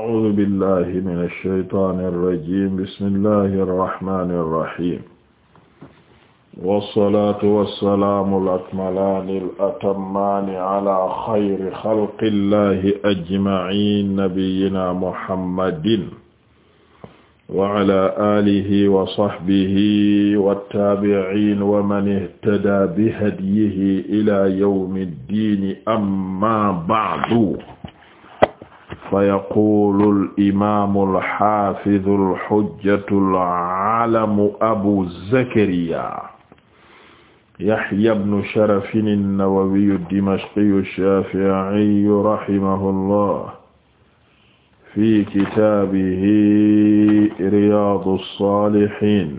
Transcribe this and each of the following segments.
أعوذ بالله من الشيطان الرجيم بسم الله الرحمن الرحيم والصلاة والسلام الأكملان الأتمان على خير خلق الله أجمعين نبينا محمد وعلى آله وصحبه والتابعين ومن اهتدى بهديه إلى يوم الدين أما بعد fa yaqulu al-imaamu al-haafizu al-hujjatu al-alamu abu zakariyaa yahya ibnu sharafin an-nawawiyu ad-dimashqiyu ash-shaafi'iyu rahimahullah fi kitaabihi riyaadu as-saalihiin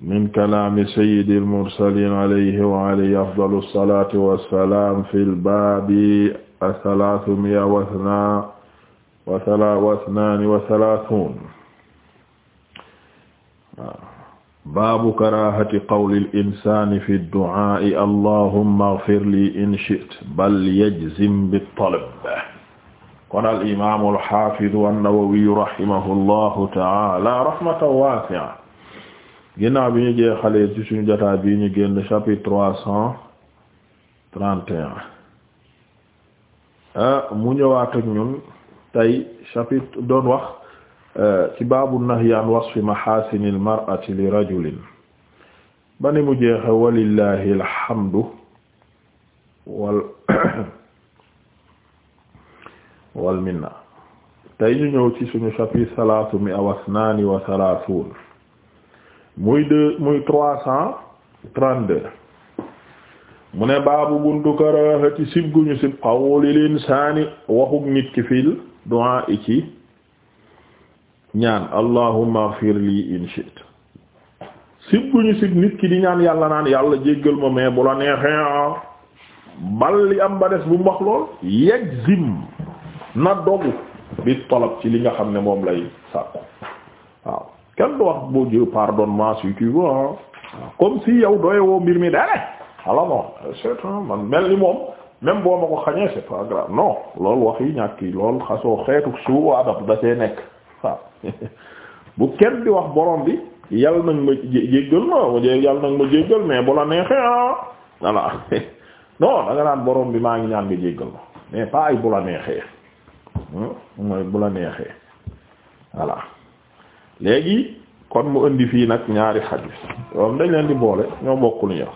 min kalaami sayyidi al-mursaliin alayhi wa alayhi afdalu as-salaatu was-salaam fil baabi asalaasu miya wasnaa wasala wasnaani wasalaasuun baabu karaahati qawli insaani fi du'aa'i allahumma ighfir lii in shi'ta bal yajzim bit-talab kon al imaamu al-haafidu an-nawawiyu rahimahullahu ta'aala rahmatan waasi'a ginnaaw bi ñu jeexalee ci suñu jotaay bi ñu génn chapitre trois cent trente et un Ah, mu ñëwaat ak ñun tey chapitre doon wax eh, ci baabu nahyi an wasfi mahaasini almar'ati li rajulin ba ni mu jeexe walillahi alhamdu wal wal minna tey ñu ñëw ci suñu chapitre salaasu mi awasnaani wa salaasuun muy deux muy trois cent trente-deux mu ne baabu buntu karahati sib guñu sib qawlil insaani waxuk nit ki fil du'a i ñaan allahumma ighfir li in shi'ta sib guñu sib nit ki di ñaan yàlla naan yàlla jéggal ma mais bu la neexee ah, bal li am ba des bu mu wax lool yajzim na dogu bi tolop ci li nga xam ne moom lay sàkku waaw kenn du wax bo Dieu pardonne si tu ah. comme si yow doye mbir mi dara xala bon c'est man mel ni moom même boo ma ko xañee c'est pas grave non wax yi ñàkk yi lool xasoo xeetu suu adab da see nekk waaw bu kenn di wax borom bi yàlla nag ma jéggal yàlla nag ma jéggal mais bu la neexee ah voilà non naan borom bi maa ngi ñaan bi jéggal ma mais pas ay bu la neexee hmm? mooy bu la neexee voilà léegi kon mu indi fii nag ñaari xadiis dañ leen di boole ñoo bokk lu ñu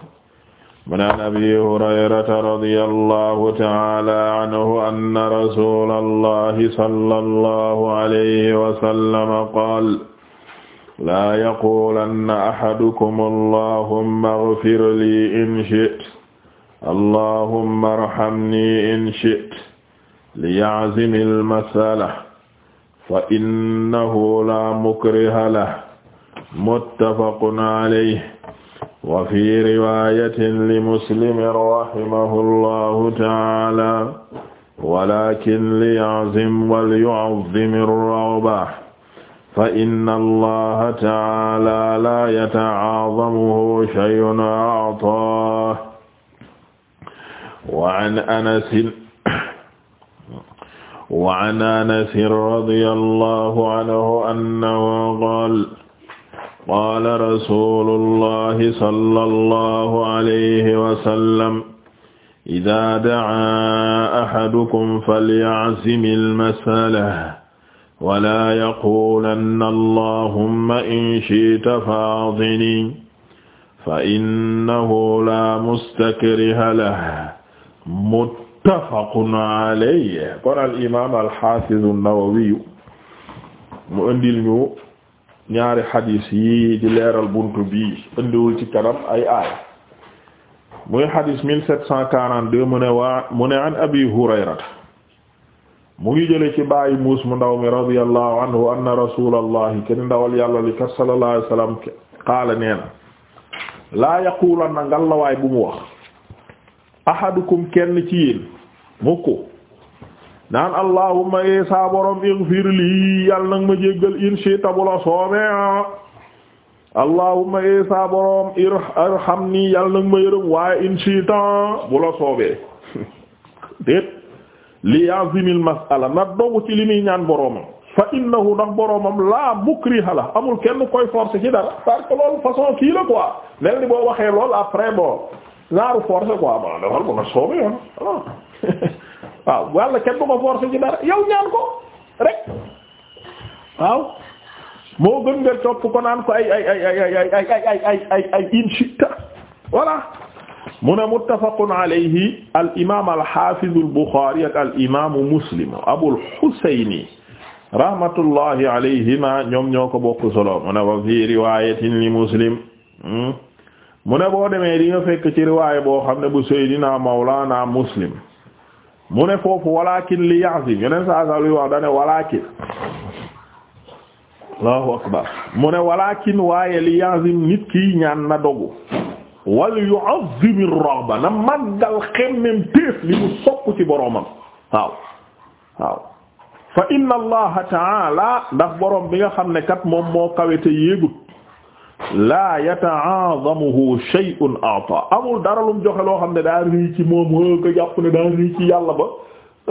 من عن أبي هريرة رضي الله تعالى عنه أن رسول الله صلى الله عليه وسلم قال لا يقولن أحدكم اللهم اغفر لي إن شئت اللهم ارحمني إن شئت ليعزم المسألة فإنه لا مكره له متفق عليه wa fi riwayatin li muslimin rahimahu allahu taala walakin liyazim walyu'azzim ar-rawbah fa inna allaha taala la yata'azamuhu shay'un a'taahu wa an anasin وعن أنس رضي الله عنه أنه قال qaala rasulullahi sallallahu alayhi wa sallam idaa da'aa ahadukum falya'zimil mas'alata wa laa yaquulanna allahumma in shi'ta fa'adhinii fa innahu laa mustakriha lahu muttafaqun alayhi qaala al imaam al haafiz an-Nawawi mu indil ñu ñaari xadis yi di leeral buntu bi indiwul ci kanam ay aaya muy xadis 1742 mu ne waa mu ne an abi hurayrata mu ngi jël ci bàyyi muus mu ndaw mi radiyallahu anhu anna rasulallahi ken ndawal yàlla li kat sallallahu alayhi wasallam qaala nee na laa yaqulanna bu mu wax ahadukum kenn ci yéen mukk naan allahumma ee eh, saa borom ighfir lii yàlla nag ma jéggal in shi'ta bu la soobee ah. allahumma ee eh, saa borom irhamni yàlla nag ma yërëm waaye in shi'ta bu la soobee déet li yazimil mas'ala na dogu ci li muy ñaan boromam fa innahu ndax boromam la mukriha la amul kenn koy forcer ci dara parce que loolu façon kii la quoi mel ni boo waxee lool après bon naaru forcer quoi bon defal ko na soobee yoon ah. waaw walla kenn du ko forcer ci dara yow ko rek waaw moo gën nga topp ko ay ay ay ay ay ay ay ay ay ay inshita voilà mu ne muttafaqun alayhi al imaam al haafiz al buxaari ak al imaamu muslim abul husayni rahmatullahi alayhima ñoom ñoo ko fi riwaayatin li muslim mu ne boo demee di nga fekk ci riwaaya boo xam ne bu sayyidina mawlaana muslim mu ne foofu walakin li ya'zim yeneen saa saa luy wax da ne walakin allahu mu ne walakin waaye li ya'zim nit ki ñaan na dogu wal yu'azzim ar-raghba na màggal xemmem téef li mu sokk ci boroomam waaw waaw fa inna allaha ta'ala ndax boroom bi nga xam ne kat moom moo kawete yéegut laa yata'azamuhu shay'un a'ta amul dara lum joxe loo xam ne daal rii ci moom hë ko jàpp ne daa rii yàlla ba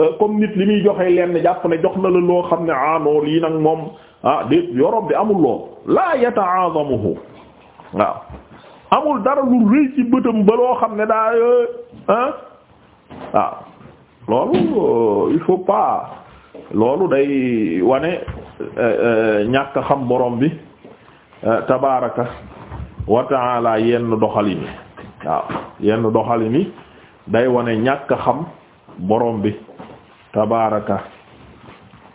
euh, comme nit li muy joxe lenn jàpp ne jox na la loo xam ne aanoo ah, lii nag moom ah déet yorob bi amul lool laa yata'azamuhu waaw amul dara lu rëy ci ba loo xam ne daa euh, loolu euh, il faut pas loolu day wane ñàkk xam borom bi Eh, tabaraka wa taala yenn doxalin yenn doxalin yi day wane ñàkk xam borom bi tabaraka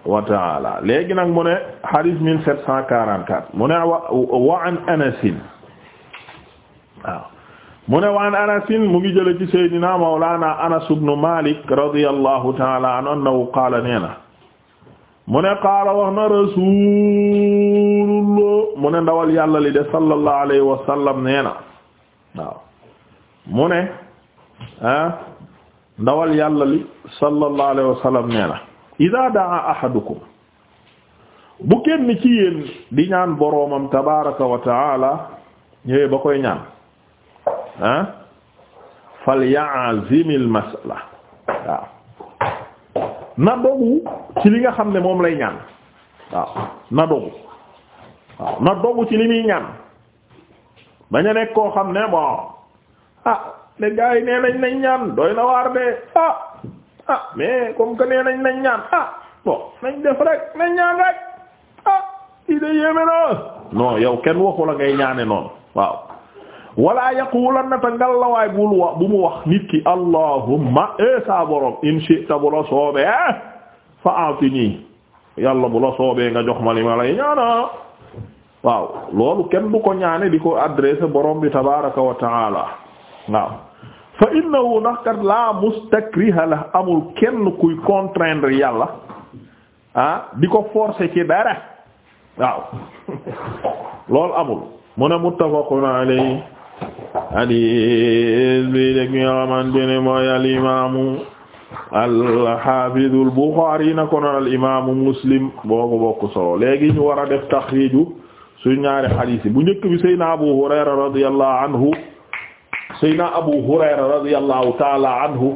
wa taala léegi nag mu ne hadith mille sept cent mu ne wa an anasin waaw mu ne waan anasin mu ngi jële ci seydina mawlana anas ibn malik radiyallahu taala an annahu qaala nee mu ne qaala wax na rasul mu ne ndawal yàlla li de sallallahu alayhi wa sallam na waaw mu ne ah ndawal yàlla li sallallahu alayhi wa sallam idaa daa ahadukum bu kenn ci yéen di ñaan boroomam tabaraka wa ñëwee ba koy ñaan ah falyazimil masala na dogu ci li nga xam ne moom lay ñaan waaw na dogu waaw na dogu ci li muy ñaan bañ a nekk koo xam ne bon ah ne gars yi nañ nañ ñaan doy na waar de ah ah mais comme que nee nañ nañ ñaan ah bon nañ def rek nañ ñaan rek ah kii de yéeme na non yow kenn waxu la ngay ñaane noonu waaw wala yaqulanna ta ngallawaay bu mu wax nit ki allahumma e sa borom in shi'ta bu la soobee eh, fa a'tini yàlla bu la soobee nga jox ma li ma lay ñaana waaw loolu kenn du ko ñaane di ko adressé borom bi tabaraka wa taala waaw fa innahu ndax kat la mustakriha la amul kenn kuy contraindre yàlla ah di ko forcer ci dara waaw loolu amul mu ne muttafaqun alayhi hadis bi dég ñi xamante ne mooy al imamu al Bukhari na ko noon al imamu Muslim boo ko bokk solo léegi ñu war a def taxriju suñu ñaari xadiis bu njëkk bi Seydina Abu Hurayra radiyallahu anhu Seydina Abu Hurayra radiyallahu taala anhu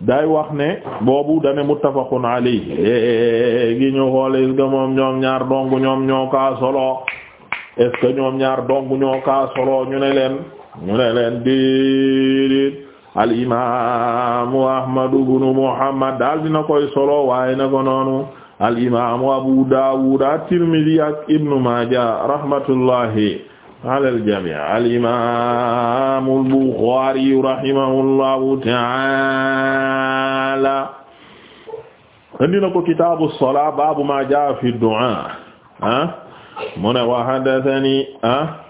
day wax ne boobu dane muttafaqun alayhi gi ñu xool est-ce moom ñoom ñaar dong ñoom ñoo kaa solo est-ce ñoom ñaar dong ñoo kaa solo ñu ne leen ñu ne leen déedéet al imaamu Ahmadu ibnu Muhammad daal dina koy solo waaye na ko al imaamu Abu Dawud at-Tirmidhi ak Ibnu Maaja rahmatullahi ala al-jamii al imaamu al-Bukhari rahimahullahu ta'ala indi na ko kitaabu as-salaa baabu maa jaa'a fi ad-du'aa ah mu ne wa haddathanii ah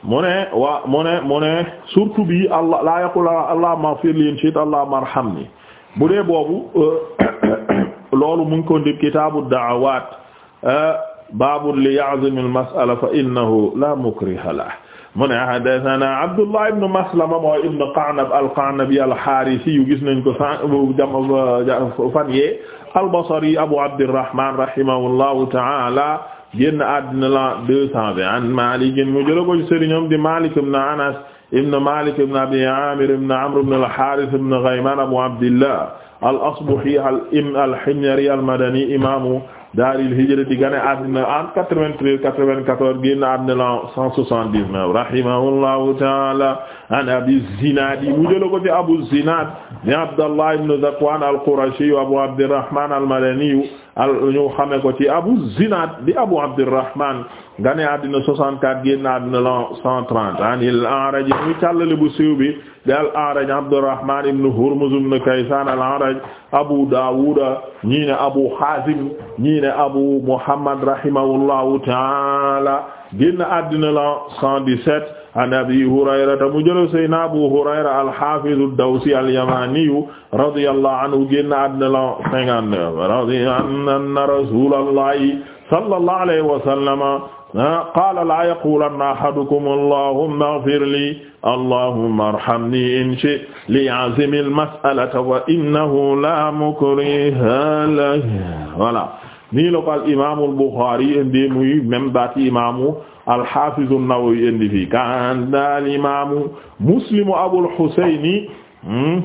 mu ne wa mu ne mu ne surtout bi allah laa yaqul allahumma ighfir lii allahumma arhamnii bu dee boobu euh, loolu mu ngi ko ndi kitaabu da'awaat eh, baabun li ya'zimil mas'ala fa innahu la mukriha lahu mu ne haddathana Abdullah ibn Maslama mooy ibn Qa'nab al-Qa'nabi al-Harisi yu gis nañ ko jam fan yee al-Basri Abu Abdirrahman rahimahullahu ta'ala génn àddina la 220 an Malik mu jëla ko sëriñam di Malik ibn Anas ibn Malik ibn Abi Amir ibn Amr ibn al-Harith ibn Ghayman Abu Abdillah al-Asbahi al-Himyari al-Madani imaamu daaril hijra di gane àddina en 93 94 génn àddina la 179 rahimahullahu ta'ala an Abi Zinad mu jël ko ci Abu Zinad ni Abdallah ibn Zakwan al-Qurashi Abu Abdirrahman al-Madani ñu xame ko ci Abu Zinad di Abu Abdirrahman gane àddina 64 génn àddina la 130 an al-A'raj mu càllale bu siiw bi bi al-A'raj Abdurrahman ibn Hurmuz ibn Kaysan al-A'raj Abu Dawud ñii ne Abu Hazim ñii ne Abu Muhammad rahimahullahu ta'ala génn àddina la 117 an Abi Hurayrata mu jëlo Seydina Abu Hurayra al-Hafiz ad-Dawsi al-Yamani radiyallahu anhu génn àddina la 59 radiya anna Rasulallahi sallallahu alayhi wa sallam Ah, qaala laa yaqulanna ahadukum allahumma ighfir li allahumma arhamni in shi li azimi almasalata wa innahu la mukriha lahu voilà nii la ko al imaamu al-Buxaari indi muy même baati imaamu al-Haafiz an-Nawawi indi fii kan daal imaamu Muslim Abul Husayn hmm?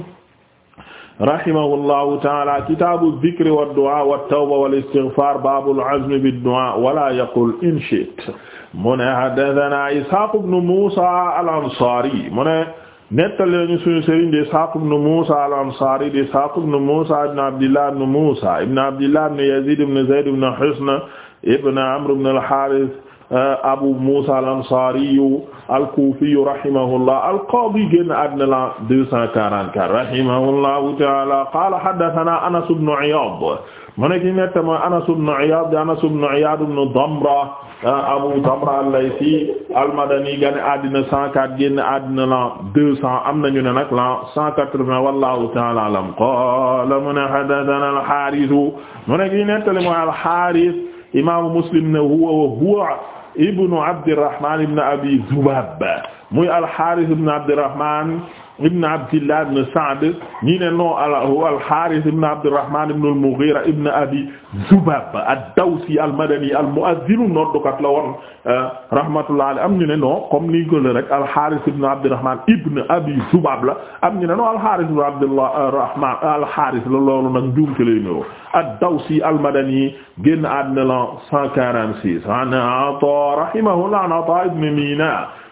rahimahullahu taala kitaabu zikri wa du'a wa tawba wal istighfar baabul azmi bid du'a wala yaqul in shi'ta mu ne haddathana Ishaq ibn Musa al-Ansari mu ne nettali nañu suñu sëriñ di Ishaq ibn Musa al-Ansari di Ishaq ibn Musa ibn Abdillah ibn Musa ibn Abdillah ibn Yazid ibn Zayd ibn Hisn ibn Amr ibn al-Harith Euh, abu musa al ansariyu alkoufiyu rahimahullah alqadi génn àddina la 244 rahimahullahu taala qala hadathana anas ibn iyad mu ne ki netta mooy anas ibn iyad di anas ibn iyad ibn damra euh, abu damra al-laythi almadani génn àddina 104 génn àddina la 200 am nañu ne nag la 180 wallahu taala alam qala mu ne hadathana al-harith mu ne ki nettali mooy al-harith imam muslim ne huwa wa huwa ibnu Abdirahman ibn Abi Zubab muy al-Harith ibn Abdirahman ibn abdillah ibn Sa'd ñii ne non al-Harith ibn Abdurrahman ibn al-Mughira ibn Abi Zubab ad-Dawsi al-Madani al-mu'azzin noddukat la woon eh, rahmatullah alayhi am ñu ne non comme ni ko la rek al-Harith ibn Abdurrahman ibn Abi Zubab la am ñu ne non al-Harith ibn Abdullah eh, rahman eh, al-Harith la loolu nag njuumte lay ñëw ad-Dawsi al-Madani génn àddina la 146 an Ata rahimahullah an Ata ibn Mina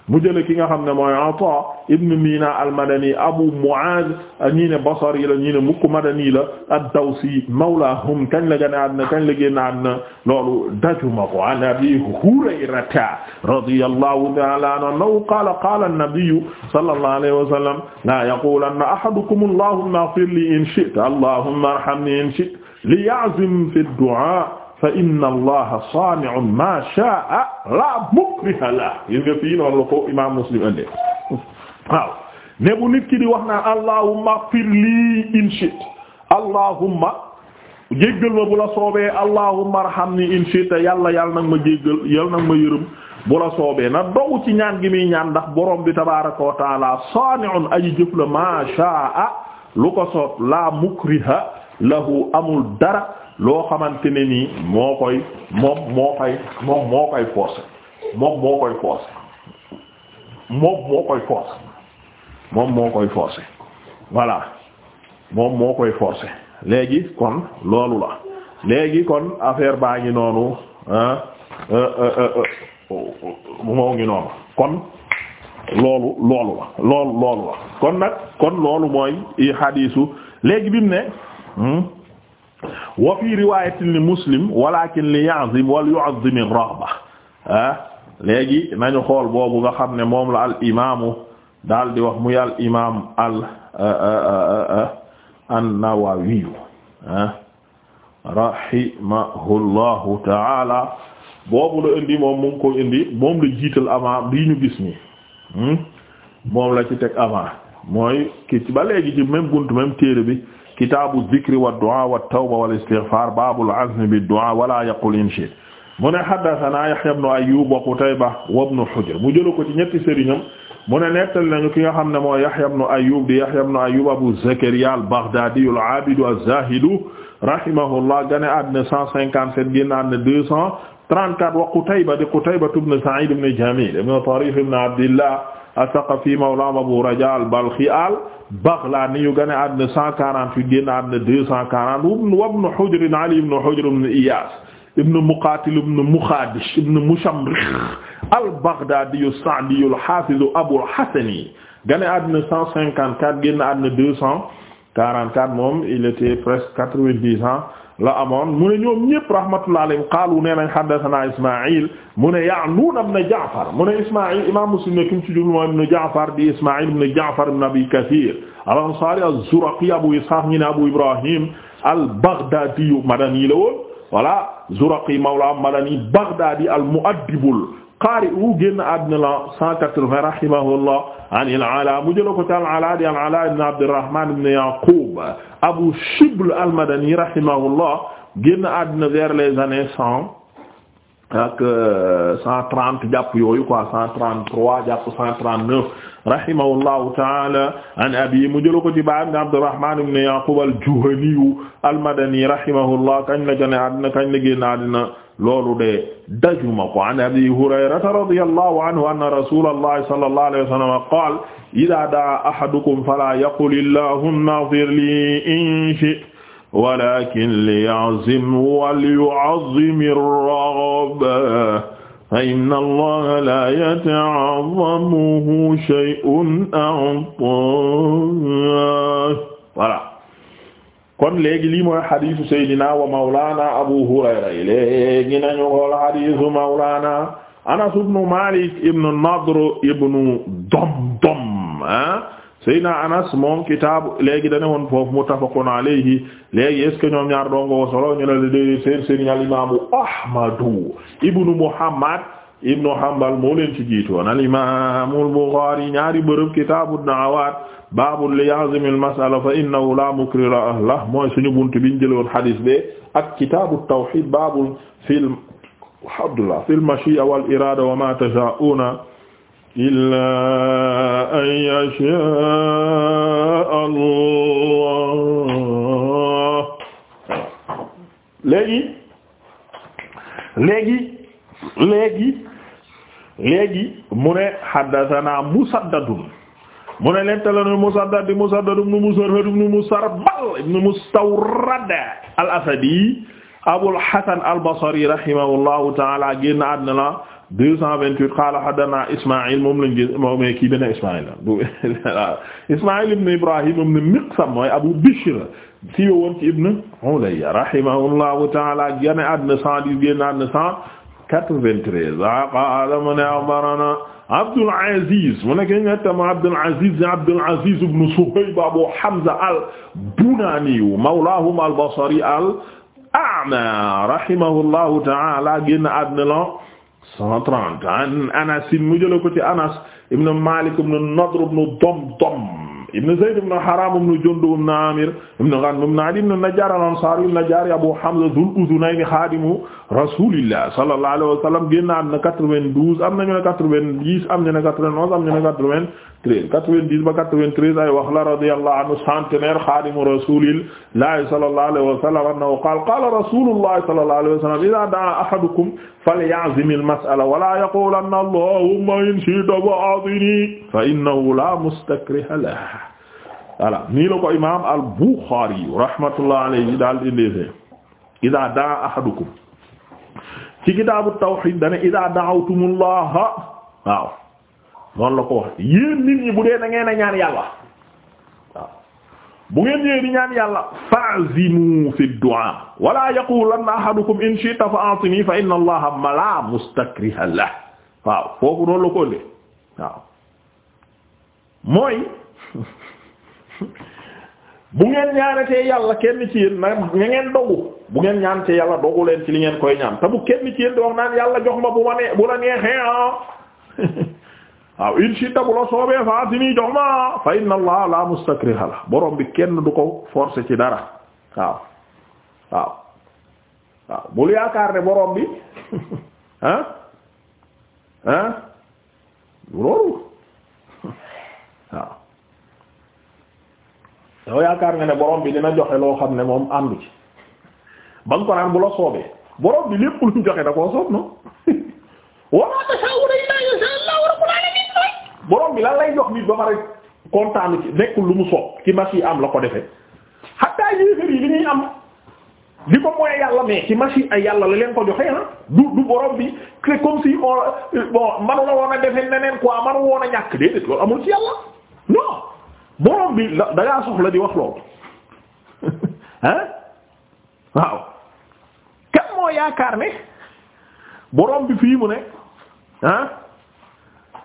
mu jële ki nga xam ne mooy Ata ibn Mina al-Madani Abu Muaz ñii ne Basri la ñii ne mukk Madani la ad-Dawsi mawlahum kañ la gane àddina kañ la génn àddina loolu dajuma ko an Abi Hurayrata radiyallahu ta'ala anhu qala qala an-nabiy sallallahu alayhi wa sallam la yaqulanna ahadukum allahumma ighfir li in shi'ta allahumma arhamni in shi'ta li ya'zim fi ad-du'a fa inna allaha saani'un maa shaa'a laa mukriha lahu gis nga fii noonu la ko imaam Muslim ande waaw ne bu nit ki di wax naan allahumma ighfir lii in shi'ta allahumma jéggal ma bu la soobee allahumma arhamni in shi'ta yàlla yàlla nag ma jéggal yàlla nag ma yërëm bu la soobee na dogu ci ñaan gi muy ñaan ndax borom bi tabaaraka wa ta'aala saani'un aji jëf la maa shaa'a lu ko soob laa mukriha lahu amul dara loo xamante ne nii moo koy moom moo koy moom moo koy forcé moom moo koy forcé moom moo koy forcé moom moo koy forcé moom moo koy forcé léegi kon loolu la léegi kon affaire baa ngi noonu euh, euh, euh, oh, moo ngi noonu kon loolu loolu la loolu loolu la kon nag kon loolu mooy i xadiisu léegi bi mu ne hmm, wa fi riwaayatin li muslim walaakin li ya'zim wal yu'azzim ar-raghba ah léegi nañu xool boobu nga xam ne moom la al imaamu daal di wax muy al imaam al ah, ah, ah, an-Nawawi ah rahimahullahu boobu la indi moom mu ko indi moom la jiital avant bii ñu gis nii hmm? moom la ci teg avant mooy ki ci ba léegi ci même bunt même téere bi. kitaabu zikri wa du'a wa tawba wal istighfar baabul azmi bid du'a wala yaqul in shi mu ne haddathana Yahya ibn Ayyub wa Qutayba wa ibn Hujr mu jëlu ko ci ñetti sëriñam mu ne nettal nañu ki nga xam ne mooy Yahya ibn Ayyub di Yahya ibn Ayyub Abu Zakariya al-Baghdadi al-abid az-zahid rahimahullah gane àddina 157 génn 34 wa Qutayba di Qutayba ibn Sa'id ibn Jamil ibn Tarif ibn Abdillah as-Saqafi mawla Abu Raja al-Balkhi al-Baghlani yu gane àddina 148 génn àddina 240 wa ibn Hujr Ali ibn Hujr ibn Iyas ibn Muqatil ibn Mukhadish ibn Mushamrikh al-Baghdadi as-Sa'di al-Hafiz Abu al-Hasan gane àddina 154 génn àddina 200 44 moom il était presque 90 ans la amoon mu ne ñoom ñëpp rahmatullahi alayhim qaalu nee nañ haddathana Ismaïl mu ne ya'nuuna ibn Ja'far mu ne Ismaïl imaam Muslim ne ki mu ci jublu mooy ibn Ja'far di Ismaïl ibn Ja'far ibn Abi Kathir al-Ansari az-Zuraqi Abu Ishaq ñu ne Abu Ibrahim al-Baghdadi madani la woon voilà Zuraqi mawla madani Baghdadi al-Mu'addib qaari'u génn àddina la 180 rahimahullah an al-Alaa mu jëla ko ci al-Alaa di al-Alaa ibn Abdurrahmaan ibn Yaquub Abu Shibl al-Madani rahimahullah génn àddina vers les années 100 ak euh, cent trente jàpp yooyu quoi cent trente trois jàpp cent trente neuf rahimahullahu taala an abi mu jëla ko ci baam ne Abdurrahman ibn Yaqub al-Juhani al-Madani rahimahullah kañ la gane àddina kañ la génn àddina loolu de dajuma ko an abi hurayrata radiyallahu anhu anna rasulallahi sallallahu alayhi wa sallam qaala idaa daa ahadukum falaa yaqul allahumma ighfir li in shi'ta walakin liya'zim wa liyu'azzim ar-raghaba fa inna allaha la yata'azzamuhu shay'un a'taahu voilà kon léegi lii mooy xadiisu Seydina wa Mawlana Abu Hurayra léegi nañu xool xadiisu Mawlana Anas ibnu Malik ibnu Nadr ibnu Damdam ah Seyna Anas moom kitaabu léegi dane woon foofu muttafaqun alayhi léegi est-ce que ñoom ñaar dongo wo solo ñu ne la déedéet seen seen ñaari bërëb kitaabu da'awaat baabu li ya'zimu la mukrira ahlah mooy suñu buntu biñ jëloon hadis ak kitaabu tawhid ma tasha'una illaa an yashaa Allah léegi léegi léegi léegi mu ne haddathana Musaddadun mu ne nettalanu Musaddad di Musaddad ibn Musarhad ibn Musarbal ibn Mustawrad al-Asadi Abul Hasan al-Basri rahimahullahu ta'ala génn àddina la 228 qaala haddathana Ismaïl moom lañ gis moom kii benn Ismaïl la Ismaïl ibn Ibrahim ibn Miqsam mooy Abu Bishr si woon ci ibn Ulayya rahimahullahu ta'ala génn àddina 110 génn àddina 193 ah qaala mu ne akhbarana Abdul Aziz mu ne ki nettam Abdul Aziz Abdul Aziz ibn Suhayb Abu Hamza al-Bunani mawlaahum al-Basri al-A'ma rahimahullahu ta'ala génn àddina 130 an Anas mu jëla ko ci Anas ibn Malik ibn Nadr ibn Damdam ibn Zayd ibn Haram ibn Jundub ibn Amir ibn Ghanm ibn Adi ibn Najjar al-Ansari an-Najjari Abu Hamza Dhul Udhunayn khadimu Rasulillah sallallahu alayhi wa sallam génn na 92 am nañu ne 90 am nañu ne 91 am nañu ne treize quatre-vingt-dix ba quatre-vingt-treize ay wax la radiyallahu anhu centenaire xaadimu rasulillahi sallallahu alayhi wa sallam annahu qaala qaala rasulullahi sallallahu alayhi wa sallam idha da'a ahadukum falya'zim al-mas'ala wa la yaqulanna allahumma in shi'ta fa'atini fa innahu la mustakriha lahu voilà nii la ko imam al-Bukhari rahmatullahi alayhi daal indee idha da'a ahadukum ci kitaabu tawhid dana idha da'awtumullaha waaw noonu la ko wax yéen nit bu dee da ngeen a ñaan yàlla waaw bu ngeen ñëwee di ñaan yàlla fa'zimu fi du'a wala yaqulanna ahadukum in shi'ta fa'atini fa inna allaha la mustakriha la waaw foofu noonu la ko ëndee waaw mooy bu ngeen ñaanatee yàlla kenn ci yéen na ngeen dogu bu ngeen ñaanatee yàlla dogu leen ci li ngeen koy ñaan te kenn ci yéen di yàlla jox ma bu ma bu la neexee ah waaw in shi'ta bu la soobee fa atini jox ma fa inna allah la mustakriha la borom bi kenn du ko forcer ci dara waaw waaw bul yaakaar ne borom bi ah ah loolu waaw yow yaakaar nga ne borom bi dina joxe loo xam ne moom àndu ci ba nga ko bu la soobee borom bi lépp lu joxe da koo soob no wala ta borom bi lan lay jox nit ba ma rek kontaanu ci nekkul lu mu soob ci mach am la ko defee xataa yéefar yi li ñuy am di ko mooy yàlla mais ci mach yi ay yàlla la leen ko joxee ah du du borom bi c'est comme a defee neneen quoi amul ci yàlla non borom bi dangaa soxla di wax loolu ah waaw kan moo yaakaar ne borom bi fii mu ne ah.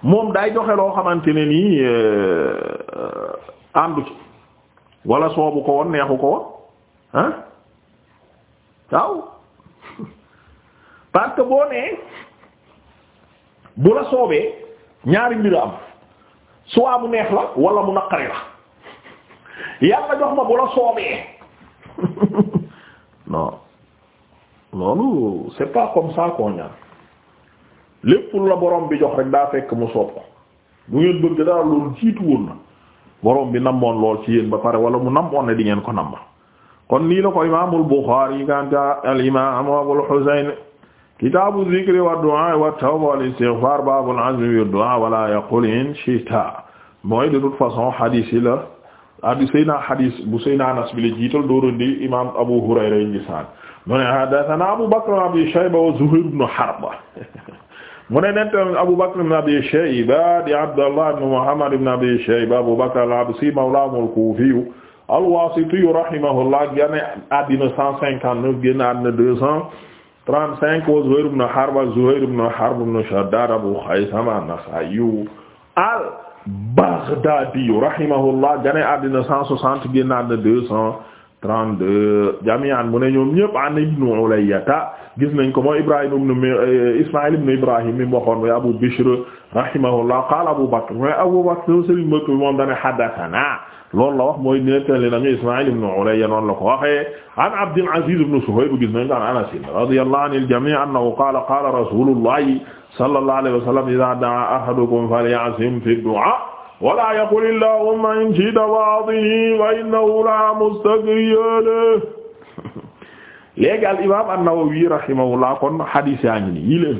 moom daay joxe loo xamante ne nii euh, euh, àndu ci wala soobu ko woon neexu ko woon ah waaw parce que boo nee bu la soobee ñaari mbir am soit mu neex la walla mu naqari la yàlla jox ma bu la soobee non c'est pas comme ça qu'on lépp lu la borom bi jox rek daa fekk mu soob ko bu ngeen bëgg dara loolu jiitu woon borom bi namoon lool ci yéen ba pare wala mu namoon ne di ngeen ko nam kon nii la ko imaamul Buxaari ganta al imaam Abul Husayn kitaabu zikri wa du'a wa tawba wal istighfar baabul azmi wa du'a wala yaqul in shita mooy de toute façon hadith la addi sëy naa hadith bu sëy naa Anas bi la jiital dóorandi imaam Abu Hurayra yi ngisaan mu ne haddathana Abu Bakr ibn Abi Shayba wa Zuhayr ibn Harb mu ne nettal Abu Bakr ibn Abi Shayba di Abdallah ibn Muhammad ibn Abi Shayba Abu Bakr al-Absi mawlahum al-Kufi al-Wasiti rahimahullah génn àddina cent cinquante-neuf génn àddina deux cent trente-cinq wa Zuhayr ibn Harb Zuhayr ibn Harb ibn Shaddad Abu Khaysama an-Nasa'i al-Baghdadi rahimahullah génn àddina cent soixante génn àddina deux cent 32 jami'an mu ne ñoom ñëpp an ibnu Ulayyata gis nañ ko mooy Ibrahim ibnu eh, Ismaïl ibnu Ibrahim mi waxoon mooy Abu Bishr rahimahullah qaala Abu Bakr mooy Abu Bakr Sëriñ Bakr moom dane haddathana loolu la wax mooy nettali nañu Ismaïl ibnu Ulayya noonu la ko waxee an Abdul Aziz ibnu Suhayb gis nañ ko an Anas radiyallahu anil jamii' annahu qaala qaala rasuulullahi sallallahu alayhi wa sallam idhaa da'a ahadukum falya'sim fi du'aa wala yaqul illahumma in shi'ta wa'dini wa la mustaqriyale léegi al imaam an-Nawawi rahimahullah kon xadiis yaa ngi nii yii leen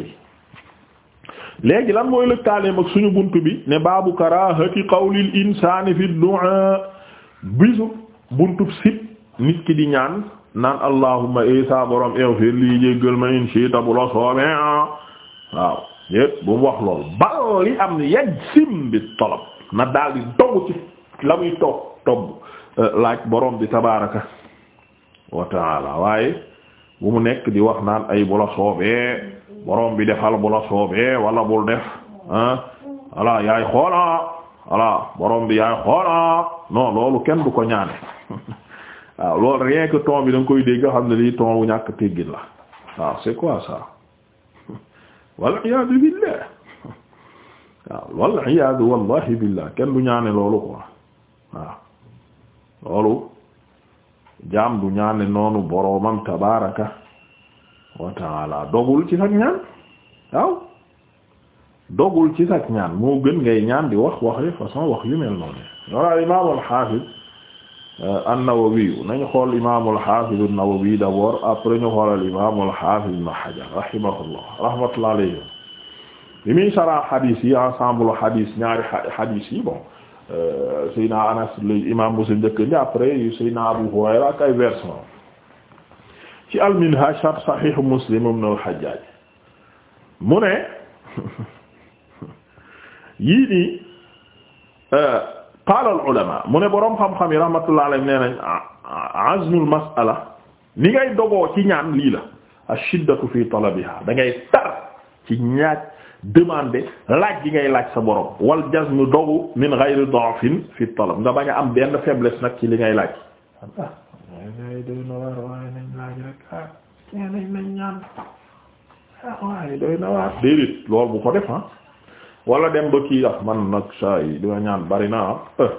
léegi lan mooy lëkkaaleem ak suñu bunt bi ne baabu karaahati qawlil insaani fi du'aa bisu buntub sib nit ki di ñaan naan allahumma isa borom ighfir lii ma in shi'ta bu la soobee waaw yépp wax lool bal li am yajsim bi talab na daal di dogu ci la muy toog tobb euh, laaj borom bi tabaraka waaye bu mu nekk di wax naan ay bu la soobee borom bi defal bu la soobee wala bul def ah voilà yaay xoola voilà borom bi yaay xoola non loolu kenn du ko ñaane waaw loolu rien que bi da koy dégg nga xam ne lii ton wu ñàkk teggin la waaw c'est quoi ça wal iyadu billah waaw wal iyaadu wallahi billah kenn du ñaane loolu quoi waaw loolu jaam du ñaane noonu boroomam tabaraka wa dogul ci sag ñaan waaw dogul ci sag ñaan moo gën ngay ñaan di wax waxe façon wax yu mel noonu wala imaam al euh, nawawi nañu xool imaam al-Hafiz an-Nawawi d'abord après ñu xoolal imaam al-Hafiz Ibn Hajar rahimahullah rahmatullah bi muy sara hadith yi ensemble hadith ñaari hadith euh, Anas le imam Muslim njëkk ndi après Seydina Abu Hurayra ay version ci al-Minhaj sharh Muslim ibn al-Hajjaj mu ne yii nii euh, al-ulama mu ne boroom xam-xam yi rahmatullah alayhi nee azmul mas'ala ni ngay dogoo ci ñaan lii la ash fi talabiha da tar ci ñaaj demander laaj gi ngay laaj sa borom wal jazmu dogu min ghayri da'fin fi talab nga bañ a am benn faiblesse nag ci li ngay laaj ah waaye doy na waar waaye na waar déedéet loolu bu ko def ah dem ba kii ah, man nag saa yi dima ñaan bari naa ah eh.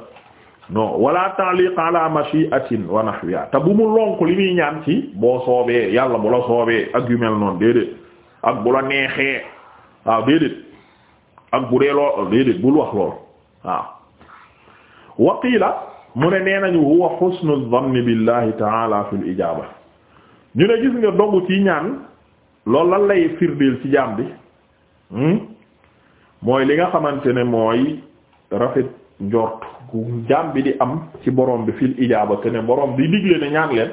non wala ta'liq ala mashi'atin wa te bu mu lonk li muy ñaan ci boo soobee yàlla bu la soobee ak yu mel noonu déedéet ak bu la neexee waaw déedéet ak bu dee lool déedéet bul wax lool waaw waqiila mu ne nee nañu huwa xusnu zanni billahi taala fi l ijaaba ñu ne gis nga dogg ci ñaan loolu la lay firdeel ci jaam bi hmm? mooy li nga xamante ne mooy rafet njort jaam bi di am ci borom bi fi ijaaba te ne borom bi digle ne ñaan leen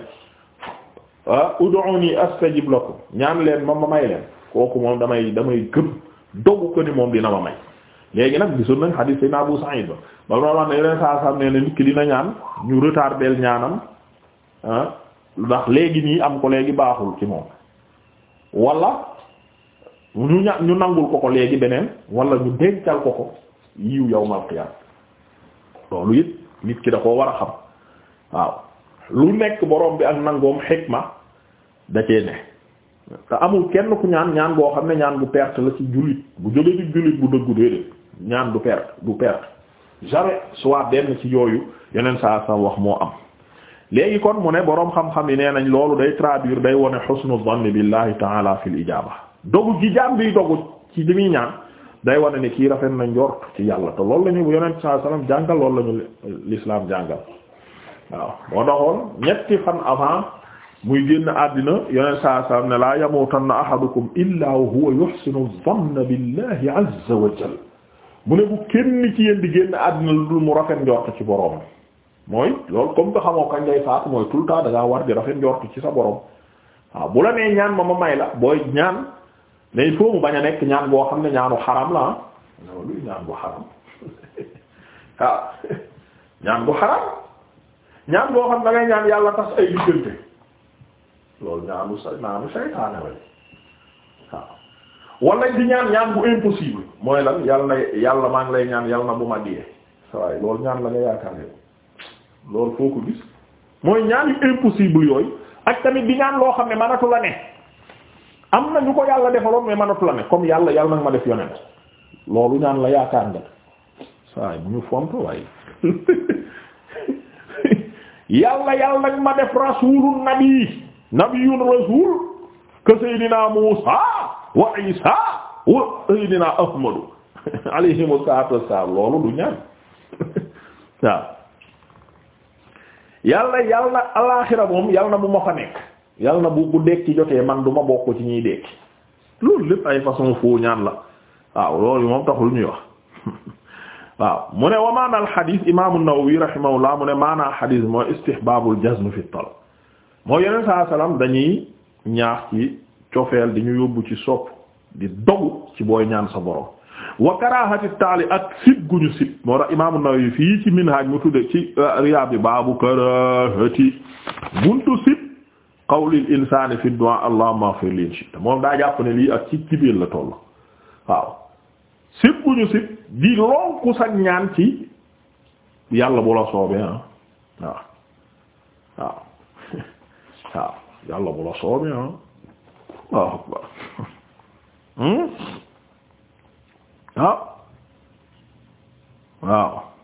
ah, ud'uni astajib lakum ñaan leen ma ma may leen kooku moom damay damay gëm dogu ko ni moom dina ma may léegi nag gisul nañ xadiis naa Abu Sa'id ba bal ne wax ne yeneen saa sam nee na nit ki dina ñaan ñu retardeel ñaanam lu ah, ndax léegi nii am ko léegi baaxul ci moom wala ñu ña ñu nangul ko ko léegi beneen walla ñu dencal ko ko yiw yawmal qiyaam loolu it nit ki da koo war a xam waaw lu nekk borom bi ak nangoom xikma da cee ne te amul kenn ku ñaan ñaan boo xam ne ñaan bu perte la ci jullit bu jóge ci jullit bu dëggu déedéet ñaan du perte du perte jamais soit benn ci yooyu yeneen saa sa wax moo am léegi kon mu ne boroom xam-xam yi nee nañ loolu day traduire day wone xusnu zanni billahi taala fil ijaaba dogu gi jaam biy dogu ci li ñaan day wone ne kii rafet na njort ci yàlla te loolu la yeneen bu yonent saa sallam jàngal loolu la ñu jàngal waaw moo taxoon ñetti fan avant muy génn àddina yoneen saa saam ne laa yamuutanna ahadukum illaa wa huwa yuhsinu zanna billahi azza wa mu ne bu kenn ci yéen di génn àddina lu dul mu rafet njort ci boroom mooy loolu comme que xamoo kañ lay faatu mooy tout le war di rafet njort ci sa boroom waaw bu la nee ñaan ma ma may la booy ñaan mais il mu bañ a nekk ñaan boo xam ne ñaanu xaram la ah non ñaan bu xaram waaw ah, ñaan bu xaram ñaan boo xam da ngay ñaan yàlla tas ay diggante. loolu ñaanu sa ñaanu saytaane la waaw wala di ñaan ñaan bu impossible mooy lan yàlla na yàlla maa ngi lay ñaan yàlla na bu ma diyee waaye loolu ñaan la nga yaakaar yow loolu foo ko gis mooy ñaan yu impossible yooyu ak tamit di ñaan loo xam ne man la ne am na ñu ko yàlla defaloon ma manatu la ne comme yàlla yàlla nag ma def yonent loolu ñaan la yaakaar nga waaye bu ñu fomp waaye yàlla yàlla nag ma def rasuulun nabi nabiyyun rasul ka saydina Musa wa Isa wa saydina Ahmadu alayhimu salaatu wassalaam loolu du ñaan waaw yàlla yàlla alaaxira moom yàlla na bu ma fa nekk yàlla na bu bu dekki jotee man du ma bokk ci ñuy dekki loolu lépp ay façon foo ñaan la waaw loolu moom taxul ñuy wax waaw mu ne wa maana al xadiis imaamu Nawawi rahimahullah mu ne maana xadiis mooy istihbaabul jazm fi talab moo yeneen saa salaam dañuy ñaax ci cofeel di ñu yóbbu ci sopp di dogu ci booy ñaan sa borom wa karahati taali ak sib guñu sib fii ci minhaj euh, bi baabu karahati buntu sib moom daa jàpp ne lii ak ci jibeel la toll waaw sib guñu sib di lonku sa ñaan ci yàlla bu soobee ah waaw waaw yàlla bu la soobee ah, hmm? ah. waaw akbar waaw waaw